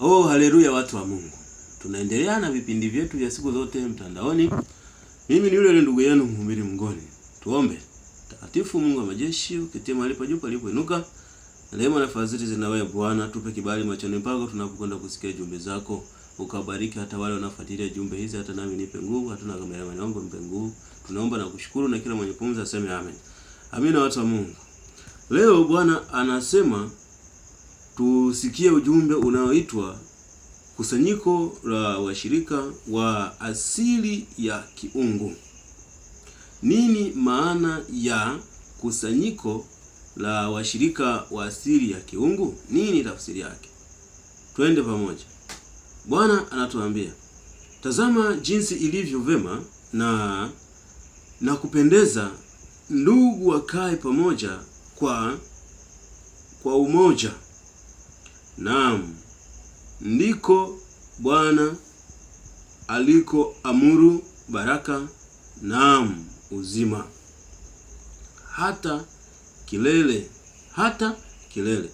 Oh, haleluya watu wa Mungu. Tunaendelea na vipindi vyetu vya siku zote mtandaoni. Mimi ni yule yule ndugu yenu mhubiri Mngoni. Tuombe. Takatifu Mungu wa majeshi, uketie mahali pa juu inuka. Neema na fadhili zina wewe Bwana, tupe kibali machoni pako tunapokwenda kusikia jumbe zako. Ukabariki hata wale wanafuatilia jumbe hizi, hata nami nipe nguvu, hatuna kama yeye anaomba nipe nguvu. Tunaomba na kushukuru na kila mwenye pumzi aseme amen. Amina watu wa Mungu. Leo Bwana anasema tusikie ujumbe unaoitwa kusanyiko la washirika wa asili ya kiungu. Nini maana ya kusanyiko la washirika wa asili ya kiungu? Nini tafsiri yake? Twende pamoja. Bwana anatuambia, tazama jinsi ilivyo vema na na kupendeza ndugu wakae pamoja kwa kwa umoja. Naam, ndiko Bwana aliko amuru baraka, naam uzima, hata kilele, hata kilele.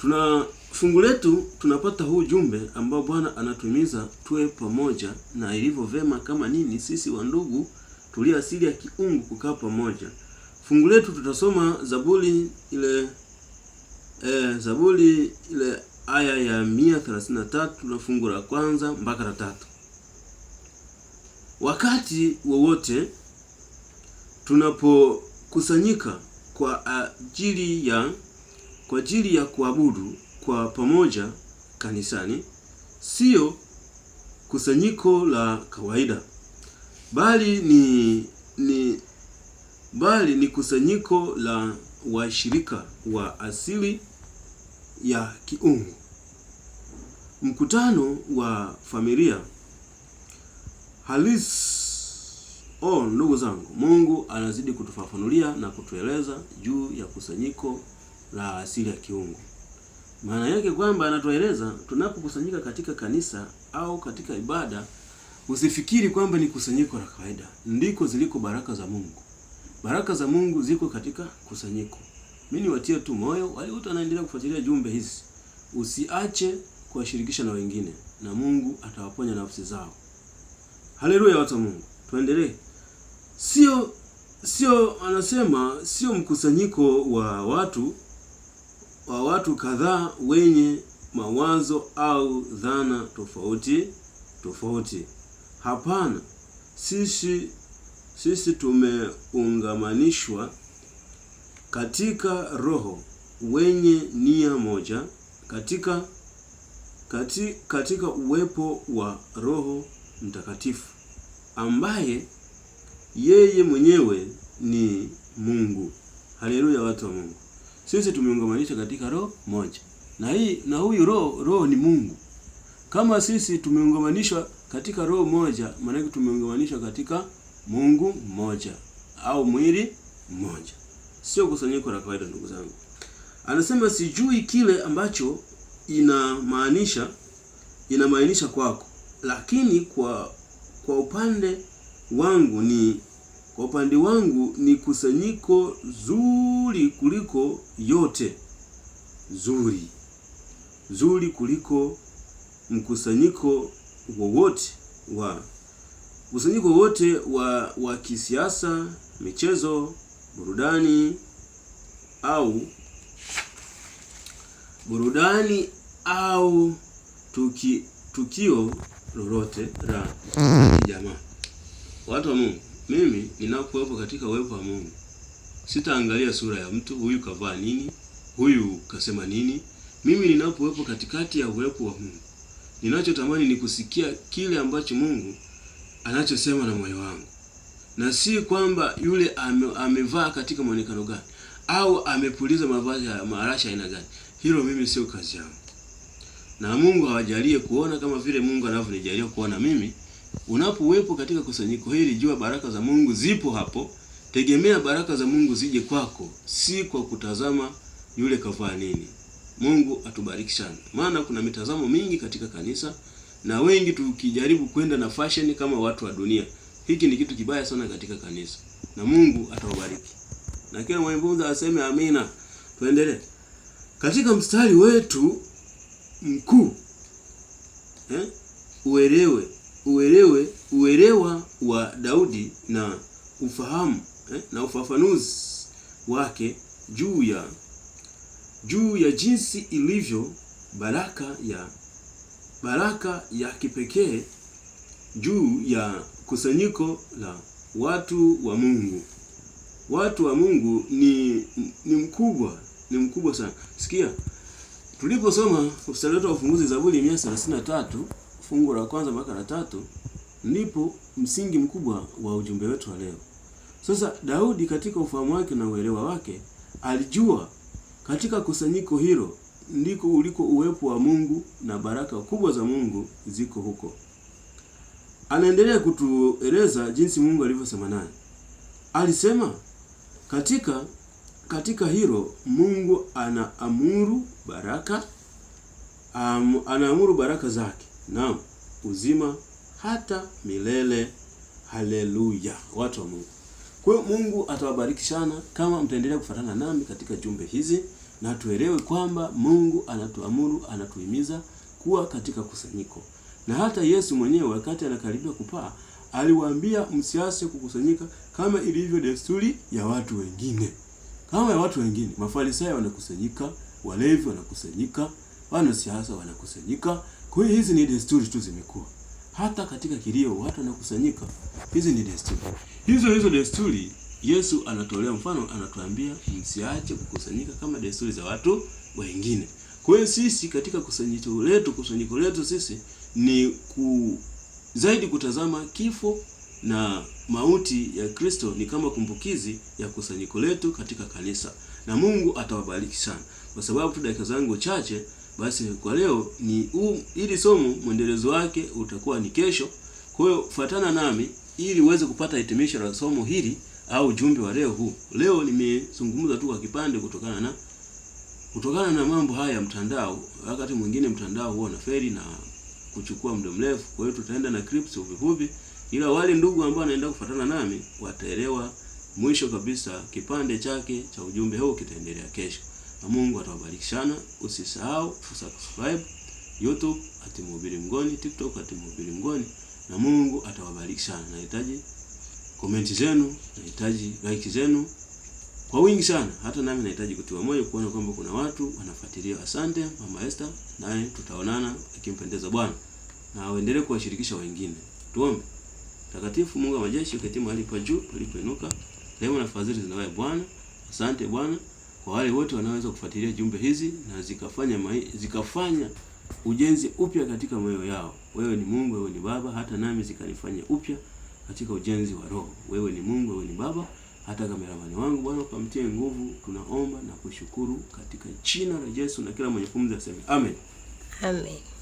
Tuna fungu letu tunapata huu jumbe ambao Bwana anatuhimiza tuwe pamoja, na ilivyo vema kama nini sisi wa ndugu tulio asili ya kiungu kukaa pamoja. Fungu letu tutasoma Zaburi ile eh, Zaburi ile aya ya 133 na fungu la kwanza mpaka la tatu. Wakati wowote tunapokusanyika kwa ajili ya kwa ajili ya kuabudu kwa pamoja kanisani, sio kusanyiko la kawaida, bali ni ni bali ni kusanyiko la washirika wa asili ya kiungu. Mkutano wa familia halisi. Oh, ndugu zangu, Mungu anazidi kutufafanulia na kutueleza juu ya kusanyiko la asili ya kiungu. Maana yake kwamba anatueleza tunapokusanyika katika kanisa au katika ibada, usifikiri kwamba ni kusanyiko la kawaida. Ndiko ziliko baraka za Mungu. Baraka za Mungu ziko katika kusanyiko. Mimi niwatie tu moyo wale wote wanaendelea kufuatilia jumbe hizi, usiache kuwashirikisha na wengine, na Mungu atawaponya nafsi zao. Haleluya, watu wa Mungu, tuendelee. Sio sio, anasema sio mkusanyiko wa watu wa watu kadhaa wenye mawazo au dhana tofauti tofauti. Hapana, sisi sisi tumeungamanishwa katika roho wenye nia moja katika, kati, katika uwepo wa Roho Mtakatifu ambaye yeye mwenyewe ni Mungu. Haleluya, watu wa Mungu, sisi tumeungamanisha katika roho moja na hii na huyu roho, roho ni Mungu. Kama sisi tumeungamanishwa katika roho moja, maana tumeungamanishwa katika Mungu mmoja au mwili mmoja sio kusanyiko la kawaida ndugu zangu. Anasema sijui kile ambacho inamaanisha inamaanisha kwako, lakini kwa kwa upande wangu ni kwa upande wangu ni kusanyiko zuri kuliko yote, zuri zuri kuliko mkusanyiko wowote wa mkusanyiko wote wa wa kisiasa, michezo burudani au burudani au tuki, tukio lolote la kijamaa. Watu wa Mungu, mimi ninapokuwepo katika uwepo wa Mungu sitaangalia sura ya mtu, huyu kavaa nini, huyu kasema nini. Mimi ninapokuwepo katikati ya uwepo wa Mungu, ninachotamani ni kusikia kile ambacho Mungu anachosema na moyo wangu na si kwamba yule ame, amevaa katika mwonekano gani au amepuliza mavazi ya marashi aina gani. Hilo mimi sio kazi yangu, na Mungu hawajalie kuona kama vile Mungu anavyonijalia kuona mimi. Unapowepo katika kusanyiko hili, jua baraka za Mungu zipo hapo. Tegemea baraka za Mungu zije kwako, si kwa kutazama yule kavaa nini. Mungu atubariki sana, maana kuna mitazamo mingi katika kanisa na wengi tukijaribu kwenda na fashion kama watu wa dunia hiki ni kitu kibaya sana katika kanisa, na Mungu atawabariki na kila mwanafunzi aseme amina. Tuendelee katika mstari wetu mkuu eh? Uelewe, uelewe, uelewa wa Daudi na ufahamu eh? na ufafanuzi wake juu ya juu ya jinsi ilivyo baraka ya baraka ya kipekee juu ya kusanyiko la watu wa Mungu. Watu wa Mungu ni ni mkubwa, ni mkubwa sana. Sikia tuliposoma mstari wetu wa ufunguzi, Zaburi 133 fungu la kwanza mpaka la tatu, ndipo msingi mkubwa wa ujumbe wetu wa leo. Sasa Daudi katika ufahamu wake na uelewa wake alijua katika kusanyiko hilo ndiko uliko uwepo wa Mungu na baraka kubwa za Mungu ziko huko anaendelea kutueleza jinsi Mungu alivyosema naye. Alisema katika katika hilo Mungu anaamuru baraka um, anaamuru baraka zake, naam, uzima hata milele. Haleluya, watu wa Mungu. Kwa hiyo Mungu atawabarikishana kama mtaendelea kufuatana nami katika jumbe hizi, na tuelewe kwamba Mungu anatuamuru, anatuhimiza kuwa katika kusanyiko. Na hata Yesu mwenyewe wakati anakaribia kupaa aliwaambia msiase kukusanyika kama ilivyo desturi ya watu wengine. Kama ya watu wengine, Mafarisayo wanakusanyika, walevi wanakusanyika, wanasiasa wanakusanyika. Kwa hiyo hizi ni desturi tu zimekuwa. Hata katika kilio watu wanakusanyika. Hizi ni desturi. Hizo hizo desturi Yesu anatolea mfano, anatuambia msiache kukusanyika kama desturi za watu wengine. Kwa hiyo sisi katika kusanyiko letu, kusanyiko letu sisi ni ku, zaidi kutazama kifo na mauti ya Kristo ni kama kumbukizi ya kusanyiko letu katika kanisa, na Mungu atawabariki sana. Kwa sababu tu dakika zangu chache, basi kwa leo ni um, ili somo mwendelezo wake utakuwa ni kesho. Kwa hiyo fuatana nami ili uweze kupata hitimisho la somo hili au ujumbe wa leo huu. Leo nimezungumza tu kwa kipande kutokana na kutokana na mambo haya ya mtandao. Wakati mwingine mtandao huwa na feri na kuchukua muda mrefu. Kwa hiyo tutaenda na clips uvivuvi, ila wale ndugu ambao wanaenda kufuatana nami wataelewa mwisho kabisa kipande chake cha ujumbe huu kitaendelea kesho, na Mungu atawabariki sana. Usisahau kusubscribe YouTube ati Mhubiri Mngoni, TikTok ati Mhubiri Mngoni, na Mungu atawabariki sana. Nahitaji komenti zenu, nahitaji like zenu kwa wingi sana. Hata nami nahitaji kutiwa moyo kuona kwamba kuna watu wanafuatilia. Asante Mama Esther, naye tutaonana akimpendeza Bwana, na waendelee kuwashirikisha wengine. Tuombe. Takatifu Mungu wa majeshi, uketi mahali pa juu ulipoinuka, leo na fadhili zinawaye Bwana. Asante Bwana kwa wale wote wanaweza kufuatilia jumbe hizi na zikafanya mai, zikafanya ujenzi upya katika moyo yao. Wewe ni Mungu, wewe ni Baba, hata nami zikanifanya upya katika ujenzi wa roho. Wewe ni Mungu, wewe ni Baba, hata kameramani wangu Bwana ukamtie nguvu. Tunaomba na kushukuru katika jina la Yesu, na kila mwenye pumzi aseme amen, amen.